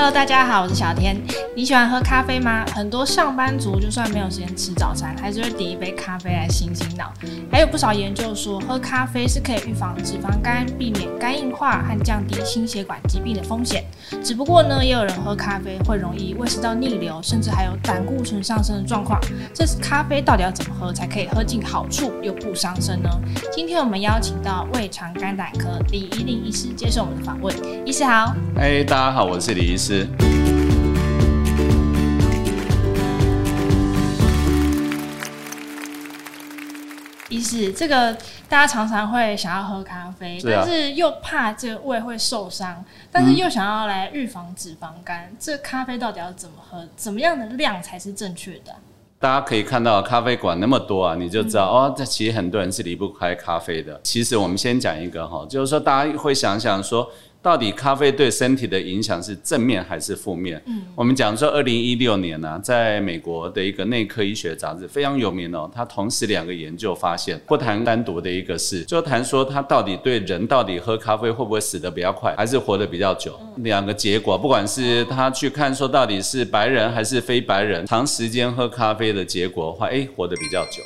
Hello，大家好，我是小天。你喜歡喝咖啡嗎？很多上班族就算沒有時間吃早餐，還是會點一杯咖啡來醒醒腦。嗯、還有不少研究說，喝咖啡是可以預防脂肪肝、避免肝硬化和降低心血管疾病的風險。只不過呢，也有人喝咖啡會容易胃食道逆流，甚至還有膽固醇上升的狀況。這是咖啡到底要怎麼喝才可以喝進好處又不傷身呢？今天我們邀請到胃腸肝膽科李宜霖醫師接受我們的訪問。醫師好。哎、欸，大家好，我是李醫師。是。醫師，這個，大家常常會想要喝咖啡，是啊，但是又怕這個胃會受傷，但是又想要來預防脂肪肝，嗯、這咖啡到底要怎麼喝？怎麼樣的量才是正確的啊？大家可以看到咖啡館那麼多啊，你就知道，嗯、哦，這其實很多人是離不開咖啡的。其實我們先講一個哈，就是說大家會想想說。到底咖啡對身體的影響是正面還是負面？嗯，我們講說二零一六年呢，啊，在美國的一個內科醫學雜誌非常有名哦，他同時兩個研究發現，不談單獨的一個事，就談說他到底對人到底喝咖啡會不會死得比較快，還是活得比較久？兩個結果，不管是他去看說到底是白人還是非白人，長時間喝咖啡的結果的話，哎，活得比較久。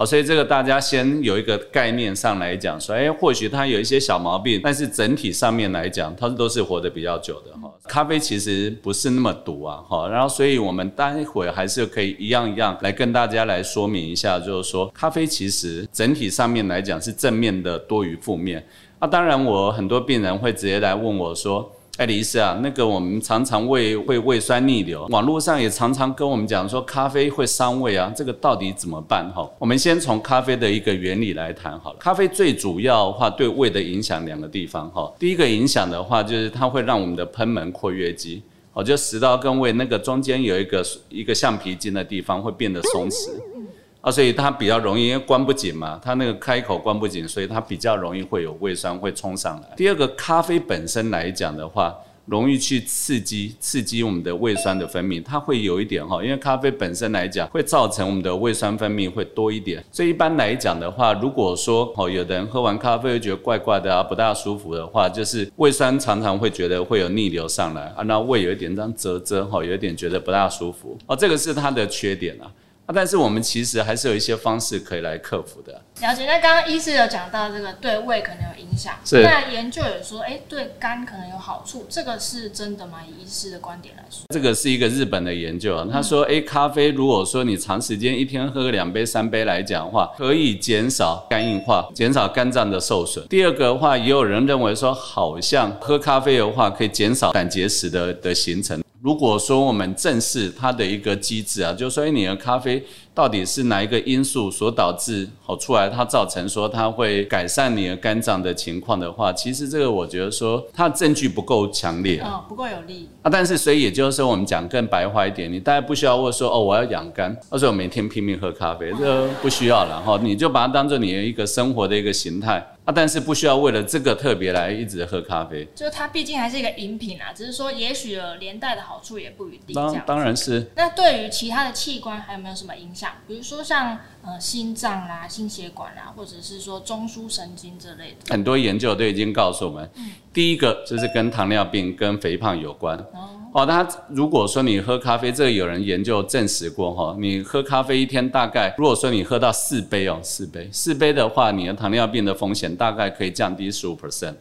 好，所以這個大家先有一個概念上來講，說，誒，或許他有一些小毛病，但是整體上面來講，他都是活得比較久的哈。咖啡其實不是那麼毒啊，哈。然後，所以我們待會還是可以一樣一樣來跟大家來說明一下，就是說，咖啡其實整體上面來講是正面的多於負面。啊，當然，我很多病人會直接來問我說。欸，李醫師啊，那個我們常常胃會胃酸逆流，網絡上也常常跟我們講說咖啡會傷胃啊，這個到底怎麼辦？哈，我們先從咖啡的一個原理來談好了。咖啡最主要的話對胃的影響，兩個地方，哈，第一個影響的話就是它會讓我們的賁門括約肌，哦，就食道跟胃那個中間有一個一個橡皮筋的地方會變得鬆弛。啊，所以它比較容易，因為關不緊嘛，它那個開口關不緊，所以它比較容易會有胃酸會衝上來。第二個，咖啡本身來講的話，容易去刺激刺激我們的胃酸的分泌，它會有一點哈，因為咖啡本身來講會造成我們的胃酸分泌會多一點。所以一般來講的話，如果說哦，有的人喝完咖啡會覺得怪怪的啊，不大舒服的話，就是胃酸常常會覺得會有逆流上來啊，那胃有一點這樣謅謅哈，有一點覺得不大舒服哦，這個是它的缺點啊。但是我們其實還是有一些方式可以來克服的。了解。那剛剛醫師有講到這個對胃可能有影響，是。那研究也說，哎，對肝可能有好處，這個是真的嗎？以醫師的觀點來說，這個是一個日本的研究啊，他說，哎、嗯，咖啡如果說你長時間一天喝個兩杯、三杯來講的話，可以減少肝硬化，減少肝臟的受損。第二個的話，也有人認為說，好像喝咖啡的話，可以減少膽結石的的形成。如果說我們正視它的一個機制啊，就說你的咖啡。到底是哪一個因素所導致好出來？它造成說它會改善你的肝臟的情況的話，其實這個我覺得說它證據不夠強烈啊，哦、不夠有力啊。但是所以也就是說，我們講更白話一點，你大家不需要問說哦，我要養肝，而且我每天拼命喝咖啡，哦、這個不需要了哈、哦。你就把它當做你的一個生活的一個形態啊。但是不需要為了這個特別來一直喝咖啡，就它畢竟還是一個飲品啊。只、就是說，也許連帶的好處也不一定。當當然是。那對於其他的器官還有沒有什麼影響？比如說像呃心臟啦、心血管啦，或者是說中樞神經這類的，很多研究都已經告訴我們，嗯、第一個就是跟糖尿病跟肥胖有關哦，哦，那如果說你喝咖啡，這個有人研究證實過哈、哦，你喝咖啡一天大概，如果說你喝到四杯哦，四杯四杯的話，你的糖尿病的風險大概可以降低十五 percent。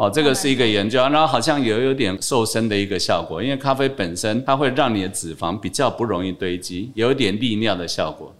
哦，這個是一個研究，那好像也有點瘦身的一個效果，因為咖啡本身它會讓你的脂肪比較不容易堆積，有點利尿的效果。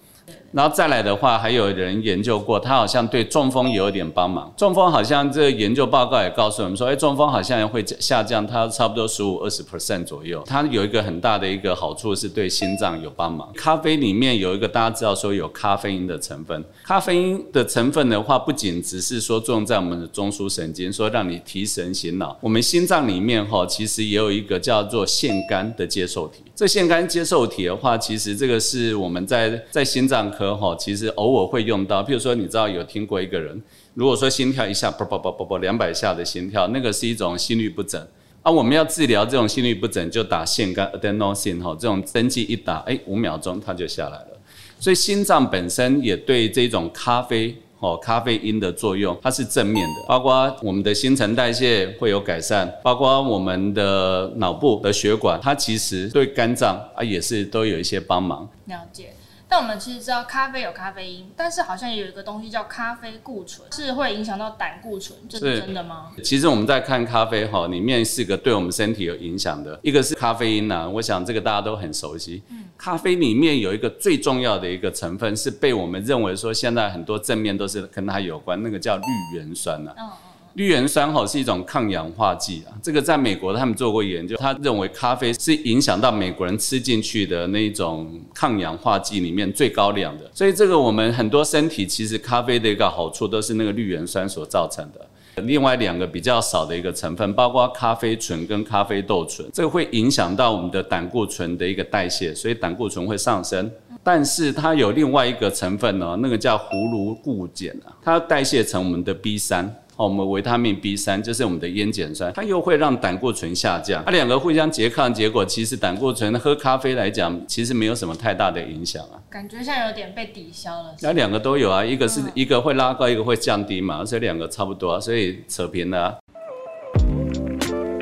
然後再來的話，還有人研究過，他好像對中風有一點幫忙。中風好像這個研究報告也告訴我們說，哎，中風好像會下降，它差不多十五二十 percent 左右。它有一個很大的一個好處是對心臟有幫忙。咖啡裡面有一個大家知道說有咖啡因的成分，咖啡因的成分的話，不僅只是說作用在我們的中樞神經，說讓你提神醒腦。我們心臟裡面哈，其實也有一個叫做腺苷的接受體。這腺苷接受體的話，其實這個是我們在在心臟。和哈，其實偶爾會用到，譬如說你知道有聽過一個人，如果說心跳一下，噗噗噗噗噗，兩百下的心跳，那個是一種心率不整。啊，我們要治療這種心率不整，就打腺苷 adenosine，這種針劑一打，哎，五秒鐘它就下來了。所以心臟本身也對這種咖啡咖啡因的作用，它是正面的，包括我們的新陳代謝會有改善，包括我們的腦部的血管，它其實對肝臟啊也是都有一些幫忙。了解。但我們其實知道咖啡有咖啡因，但是好像有一個東西叫咖啡固醇，是會影響到膽固醇，這是，是真的嗎？其實我們在看咖啡哈，裡面是個對我們身體有影響的，一個是咖啡因吶、啊，我想這個大家都很熟悉。嗯，咖啡裡面有一個最重要的一個成分，是被我們認為說現在很多正面都是跟它有關，那個叫綠原酸吶、啊。嗯、哦。綠原酸吼是一種抗氧化劑啊，這個在美國他們做過研究，他認為咖啡是影響到美國人吃進去的那一種抗氧化劑裡面最高量的，所以這個我們很多身體其實咖啡的一個好處都是那個綠原酸所造成的。另外兩個比較少的一個成分，包括咖啡醇跟咖啡豆醇，這個會影響到我們的膽固醇的一個代謝，所以膽固醇會上升。但是它有另外一個成分呢，那個叫葫蘆固鹼啊，它代謝成我們的 B 三。我們維他命 B3 就是我們的煙鹼酸，酸，它又會讓膽固醇下降，它兩個互相拮抗，結果其實膽固醇喝咖啡來講，其實沒有什麼太大的影響啊。感覺像有點被抵消了。那兩個都有啊，一個是、嗯、一個會拉高，一個會降低嘛，所以兩個差不多、啊、所以扯平了、啊。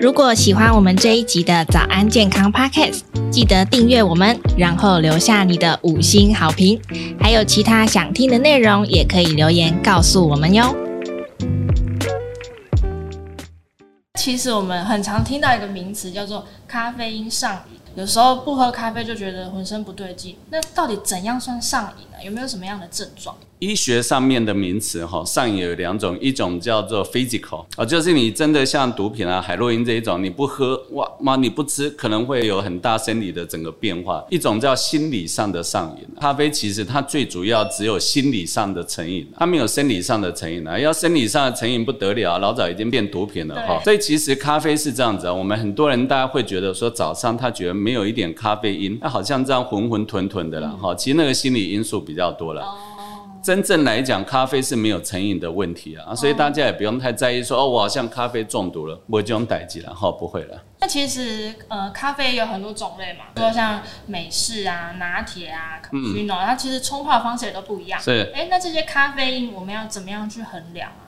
如果喜歡我們這一集的早安健康 Podcast，記得訂閱我們，然後留下你的五星好評。還有其他想聽的內容，也可以留言告訴我們喲。其實我們很常聽到一個名詞叫做咖啡因上癮，有時候不喝咖啡就覺得渾身不對勁。那到底怎樣算上癮呢啊？有沒有什麼樣的症狀？醫學上面的名詞哈，上癮有兩種，一種叫做 physical，就是你真的像毒品啊、海洛因這一種，你不喝哇你不吃，可能會有很大生理的整個變化；一種叫心理上的上癮。咖啡其實它最主要只有心理上的成癮，它沒有生理上的成癮的。要生理上的成癮不得了，老早已經變毒品了哈。對所以其實咖啡是這樣子啊，我們很多人大家會覺得說早上他覺得沒有一點咖啡因，他好像這樣渾渾沌沌的了哈。嗯、其實那個心理因素比較多了。哦真正來講，咖啡是沒有成癮的問題啊，所以大家也不用太在意說、嗯、哦，我好像咖啡中毒了，我已經代機了，好不會了。那其實呃，咖啡有很多種類嘛，說像美式啊、拿鐵啊、咖啡 p 它其實沖泡方式也都不一樣。是，哎、欸，那這些咖啡因我們要怎麼樣去衡量啊？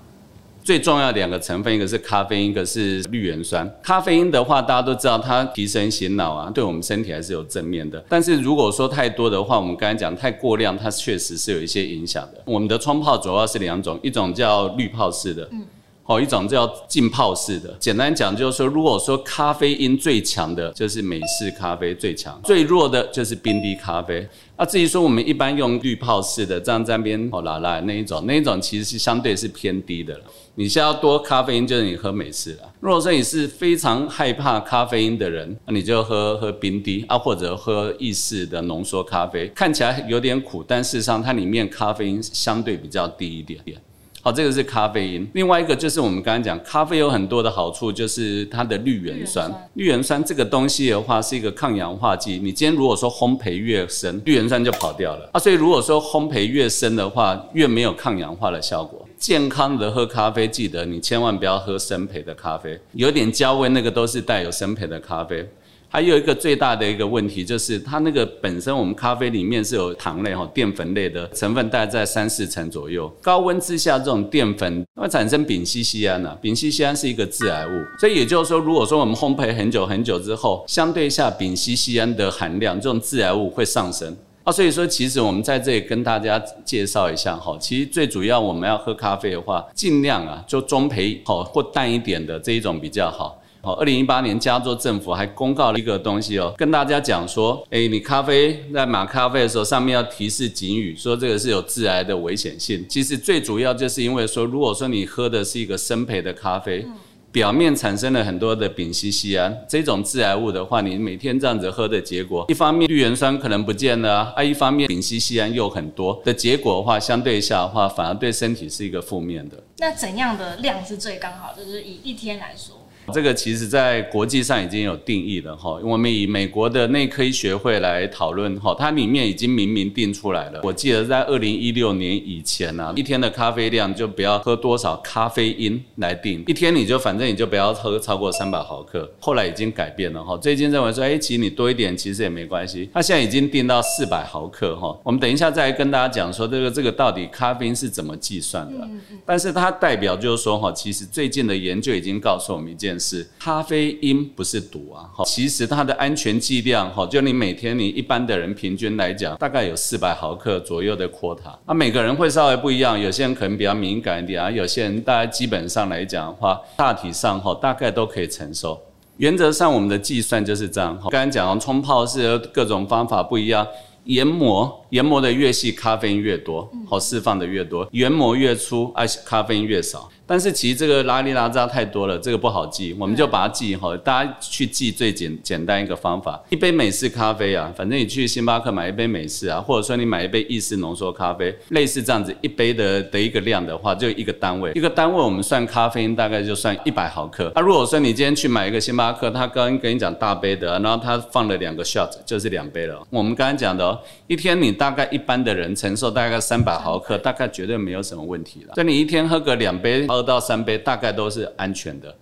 最重要的兩個成分，一個是咖啡因，一個是綠原酸。咖啡因的話，大家都知道它提神醒腦啊，對我們身體還是有正面的。但是如果說太多的話，我們剛才講太過量，它確實是有一些影響的。我們的沖泡主要是兩種，一種叫濾泡式的。嗯某一種叫浸泡式的，簡單講就是說，如果說咖啡因最強的就是美式咖啡最強，最弱的就是冰滴咖啡啊。那至於說我們一般用濾泡式的這樣這邊哦啦啦那一種，那一種其實是相對是偏低的了。你現在要多咖啡因，就是你喝美式了。如果說你是非常害怕咖啡因的人，那你就喝喝冰滴啊，或者喝意式的濃縮咖啡，看起來有點苦，但事實上它裡面咖啡因相對比較低一點點。好，這個是咖啡因。另外一個就是我們剛剛講，咖啡有很多的好處，就是它的綠原酸。綠原酸，綠原酸這個東西的話，是一個抗氧化劑。你今天如果說烘焙越深，綠原酸就跑掉了啊。所以如果說烘焙越深的話，越沒有抗氧化的效果。健康的喝咖啡，記得你千萬不要喝深焙的咖啡，有點焦味，那個都是帶有深焙的咖啡。還有一個最大的一個問題，就是它那個本身我們咖啡裡面是有糖類哈、哦、澱粉類的成分，大概在三四成左右。高溫之下，這種澱粉會產生丙烯酰胺啊。丙烯酰胺是一個致癌物，所以也就是說，如果說我們烘焙很久很久之後，相對下丙烯酰胺的含量，這種致癌物會上升。啊，所以說其實我們在這裡跟大家介紹一下哈、哦，其實最主要我們要喝咖啡的話，儘量啊就中焙哦或淡一點的這一種比較好。哦二零一八年，加州政府還公告了一個東西哦，跟大家講說，哎，你咖啡在買咖啡的時候，上面要提示警語，說這個是有致癌的危險性。其實最主要就是因為說，如果說你喝的是一個深焙的咖啡，嗯、表面產生了很多的丙烯酰胺這種致癌物的話，你每天這樣子喝的結果，一方面綠原酸可能不見了，啊，一方面丙烯酰胺又很多，的結果的話，相對下的話，反而對身體是一個負面的。那怎樣的量是最剛好？就是以一天來說。這個其實，在國際上已經有定義了哈。因為我們以美國的內科醫學會來討論哈，它裡面已經明明定出來了。我記得在二零一六年以前呢、啊，一天的咖啡量就不要喝多少咖啡因來定，一天你就反正你就不要喝超過三百毫克。後來已經改變了哈，最近認為說，哎，其實你多一點其實也沒關係。它現在已經定到四百毫克哈。我們等一下再來跟大家講說這個這個到底咖啡因是怎麼計算的。但是它代表就是說哈，其實最近的研究已經告訴我們一件。是咖啡因不是毒啊，哈，其實它的安全劑量，哈，就你每天你一般的人平均來講，大概有四百毫克左右的 quota，那啊，每個人會稍微不一樣，有些人可能比較敏感一點啊，有些人大家基本上來講的話，大體上哈，大概都可以承受。原則上我們的計算就是這樣，剛才講了沖泡是各種方法不一樣。研磨研磨的越細，咖啡因越多，好，釋放的越多；研磨越粗，啊，咖啡因越少。但是其實這個拉里拉扎太多了，這個不好記，我們就把它記好。對大家去記最簡簡單一個方法：一杯美式咖啡啊，反正你去星巴克買一杯美式啊，或者說你買一杯意式濃縮咖啡，類似這樣子一杯的的一個量的話，就一個單位。一個單位我們算咖啡因大概就算一百毫克。那、啊、如果說你今天去買一個星巴克，他剛剛跟你講大杯的，然後他放了兩個 shot，就是兩杯了。我們剛剛講的、哦。一天你大概一般的人承受大概三百毫克，大概絕對沒有什麼問題了。所以你一天喝個兩杯、二到三杯，大概都是安全的。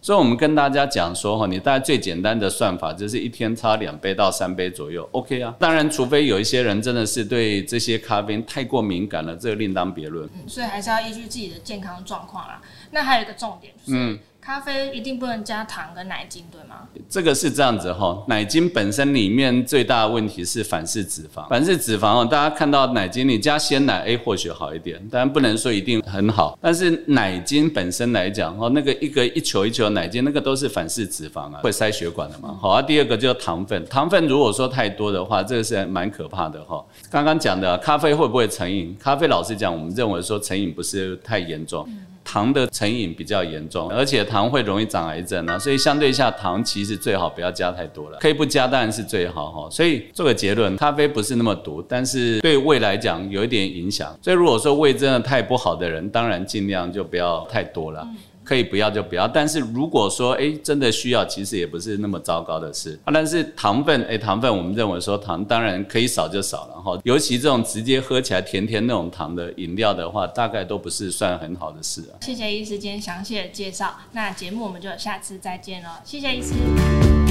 所以，我們跟大家講說哈，你大概最簡單的算法就是一天差兩杯到三杯左右，OK 啊。當然，除非有一些人真的是對這些咖啡因太過敏感了，這個另當別論。嗯。所以還是要依據自己的健康狀況啦。那還有一個重點就是。嗯咖啡一定不能加糖跟奶精，對嗎？這個是這樣子哈、哦，奶精本身裡面最大的問題是反式脂肪。反式脂肪哦，大家看到奶精，你加鮮奶，哎，或許好一點，但不能說一定很好。但是奶精本身來講哦，那個一個一球一球奶精，那個都是反式脂肪啊，會塞血管的嘛。好、嗯、啊，第二個就是糖分，糖分如果說太多的話，這個是蠻可怕的哈、哦。剛剛講的咖啡會不會成癮？咖啡老實講，我們認為說成癮不是太嚴重。嗯糖的成癮比較嚴重，而且糖會容易長癌症啊，所以相對一下糖，其實最好不要加太多了，可以不加當然是最好哈。所以做個結論，咖啡不是那麼毒，但是對胃來講有一點影響，所以如果說胃真的太不好的人，當然儘量就不要太多了。嗯可以不要就不要，但是如果說哎，真的需要，其實也不是那麼糟糕的事。但是糖分，哎，糖分，我們認為說糖當然可以少就少，然後尤其這種直接喝起來甜甜那種糖的飲料的話，大概都不是算很好的事啊。謝謝醫師今天詳細的介紹，那節目我們就下次再見嘍，謝謝醫師。